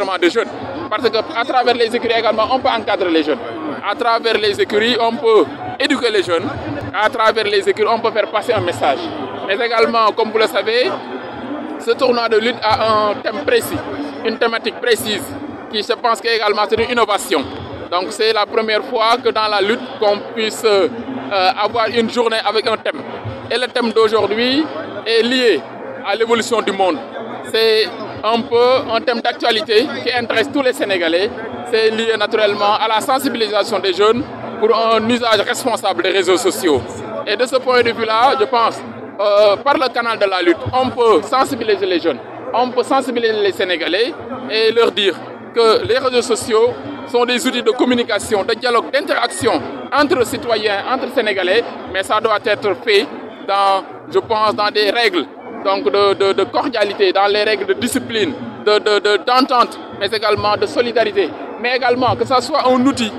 département des jeunes. Parce qu'à travers les écuries également, on peut encadrer les jeunes. À travers les écuries, on peut éduquer les jeunes. À travers les écuries, on peut faire passer un message. Mais également, comme vous le savez, ce tournoi de lutte a un thème précis, une thématique précise, qui je pense qu'également c'est une innovation. Donc c'est la première fois que dans la lutte, qu'on puisse euh, avoir une journée avec un thème. Et le thème d'aujourd'hui est lié à l'évolution un peu un thème d'actualité qui intéresse tous les Sénégalais. C'est lié naturellement à la sensibilisation des jeunes pour un usage responsable des réseaux sociaux. Et de ce point de vue-là, je pense, euh, par le canal de la lutte, on peut sensibiliser les jeunes, on peut sensibiliser les Sénégalais et leur dire que les réseaux sociaux sont des outils de communication, de dialogue, d'interaction entre citoyens, entre Sénégalais, mais ça doit être fait dans, je pense, dans des règles donc de, de, de, cordialité, dans les règles de discipline, d'entente, de, mais également de solidarité, mais également que ça soit un outil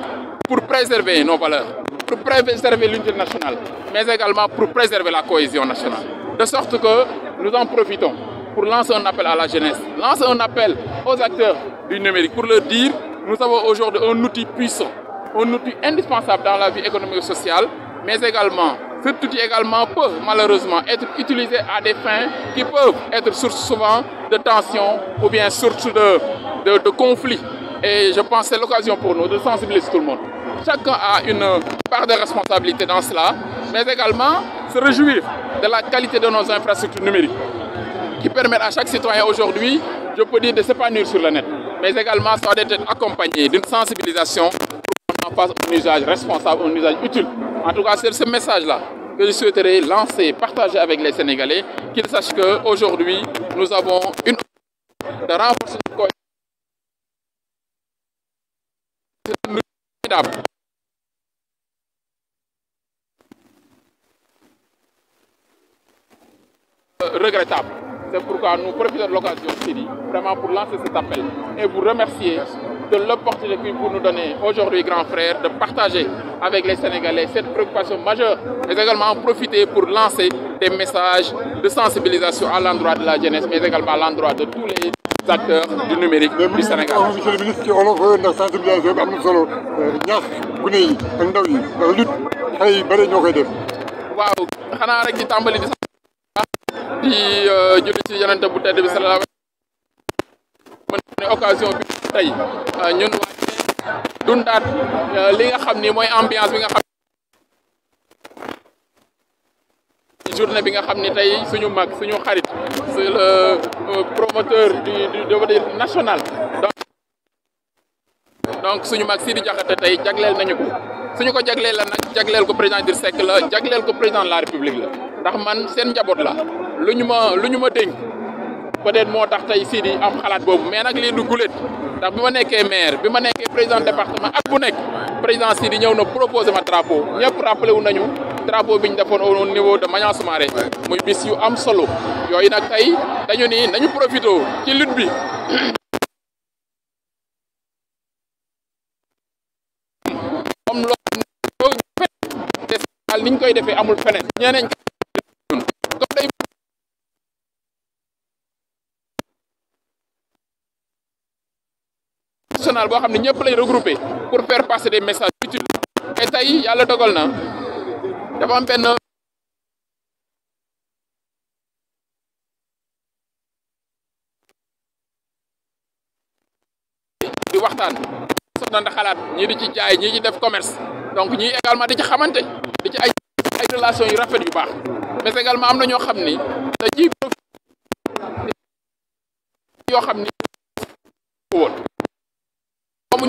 pour préserver nos valeurs, pour préserver l'unité nationale, mais également pour préserver la cohésion nationale. De sorte que nous en profitons pour lancer un appel à la jeunesse, lancer un appel aux acteurs du numérique pour leur dire nous avons aujourd'hui un outil puissant, un outil indispensable dans la vie économique et sociale, mais également Cette outil également peut malheureusement être utilisé à des fins qui peuvent être souvent de tensions ou bien source de, de, de conflits. Et je pense que c'est l'occasion pour nous de sensibiliser tout le monde. Chacun a une part de responsabilité dans cela, mais également se réjouir de la qualité de nos infrastructures numériques qui permettent à chaque citoyen aujourd'hui, je peux dire, de s'épanouir sur le net, mais également ça doit être accompagné d'une sensibilisation en face un usage responsable, un usage utile. En tout cas, c'est ce message-là que je souhaiterais lancer, partager avec les Sénégalais, qu'ils sachent qu'aujourd'hui, nous avons une de renforcer regrettable. C'est pourquoi nous profitons de l'occasion, Siri, vraiment pour lancer cet appel et vous remercier. de l'opportunité pour nous donner aujourd'hui, grand frère, de partager avec les Sénégalais cette préoccupation majeure, mais également en profiter pour lancer des messages de sensibilisation à l'endroit de la jeunesse, mais également à l'endroit de tous les acteurs du numérique du Sénégal. monsieur le ministre ci olof ndax sensibilisation bi am solo ñaax gune yi ak ndaw yi ndax lut xale yi bëri ñoo koy def. waaw tàmbali euh, ci yonente bu tedd tey euh, ñun dundaat euh, li nga xam ni mooy ambiance bi nga xam journée bi nga xam ni tey suñu mag suñu xarit c'est le euh, promoteur du devenir national donc suñu mag Sidi Diakhaté tey jagleel nañu ko suñu ko jagleel la nag jagleel ko président Idrissa Seck la jagleel ko président de la république la ndax man seen njaboot la lu ñu ma lu ñu ma dénk peut-être moo tax tey Sidi am xalaat boobu mais nag lii du gulet ndax bi ma nekkee maire bi ma nekkee président département at bu nekk président Sidi ñëw na proposé ma drapeau ñëpp rappelé wu nañu drapeau bi ñu defoon au niveau de Magnan Soumaré muy bis yu am solo yooyu nag tey dañu ni nañu profité ci lutte bi. comme loolu niñ koy defee amul feneen ñeneen. nationale boo xam ne ñëpp lay regroupé pour faire passer des messages utiles et yàlla dogal na dafa am benn di waxtaan soxna ndax xalaat ñii di ci jaay ñii ci def commerce donc ñii également di ci xamante di ci ay ay yu rafet yu baax mais également am na ñoo xam ni dañuy yoo xam ni woon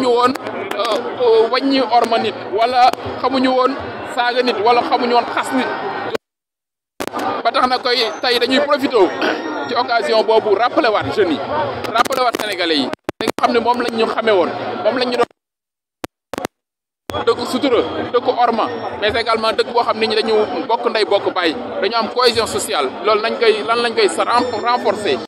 xamuñu woon euh, euh, wàññi orma nit wala xamuñu woon saaga nit wala xamuñu woon xas nit ba tax na koy tey dañuy profité ci occasion boobu rappelé waat jeunes yi rappelé waat sénégalais yi xam ne moom lañ ñu xamee woon moom lañ ñu doon dëkk sutura dëkk orma mais également dëkk boo xam ne ñi dañu bokk ndey bokk bàyyi dañu am cohésion sociale loolu nañ koy lan lañ koy renforcer